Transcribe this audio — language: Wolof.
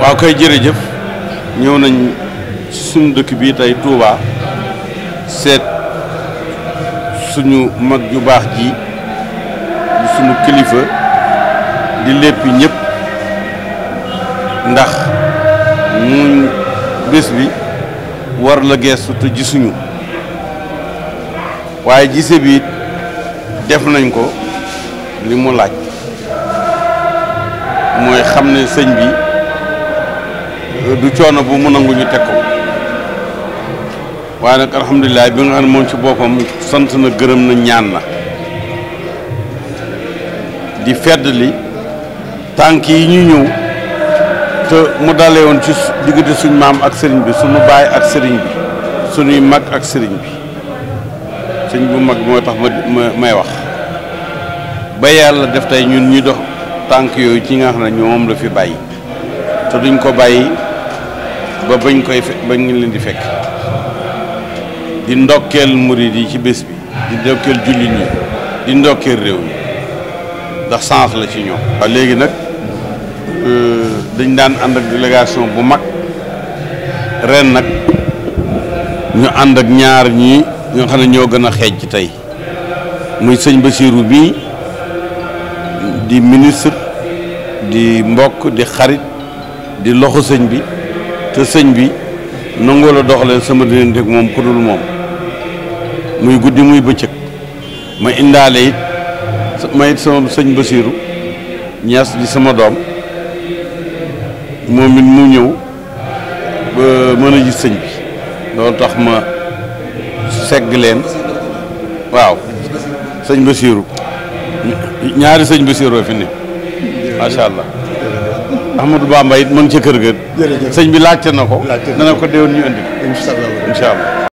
waa kay jërëjëf ñëw nañ suñu dëkk bi tey Touba seet suñu mag ju baax ji di suñu kilifa di lépp ñëpp ndax mu bés bi war la geestu te gisuñu waaye gise bi def nañ ko li mu laaj mooy xam ne sëñ bi du coono bu mu nangu ñu teg ko waaye nag alhamdulilah bi nga xam ne moom ci boppam sant na gërëm na ñaan na di fedd li tànk yi ñu ñëw te mu dalee woon ci diggante suñ maam ak sëriñ bi suñu baay ak sëriñ bi suñuy mag ak sëriñ bi sëñ bu mag moo tax ma may wax ba yàlla def tey ñun ñu dox tànk yooyu ci nga xam ne ñoom la fi bàyyi te duñ ko bàyyi ba bañ koy bañ ñu leen di fekk di ndokkeel murid yi ci bés bi di ndokkeel jullit ñi di ndokkeel réew mi ndax sens la ci ñoom. waaw léegi nag euh, dañ daan ànd ak délégation bu mag ren nag ñu ànd ak ñaar ñii ñoo xam ne ñoo gën a xeej ci tey muy sëñ Bassirou bii di ministre di mbokk di xarit di loxo sëñ bi. te sëñ bi nangoo la doxalee sama diggante ak moom ku dul moom muy guddi muy bëccëg ma indaale it ma it sama sëñ Basiiru ñaas di sama doom moom it mu ñëw ba mën a gis sëñ bi loolu tax ma segg leen waaw sëñ Basiiru ñaari sëñ Basiiru fi ne macha allah. Ahmadou Bamba it mën ca kër ga. jërëjëf sëñ bi laajte na ko. laajte na ko dana ko déwén ñu indi. incha allah incha allah.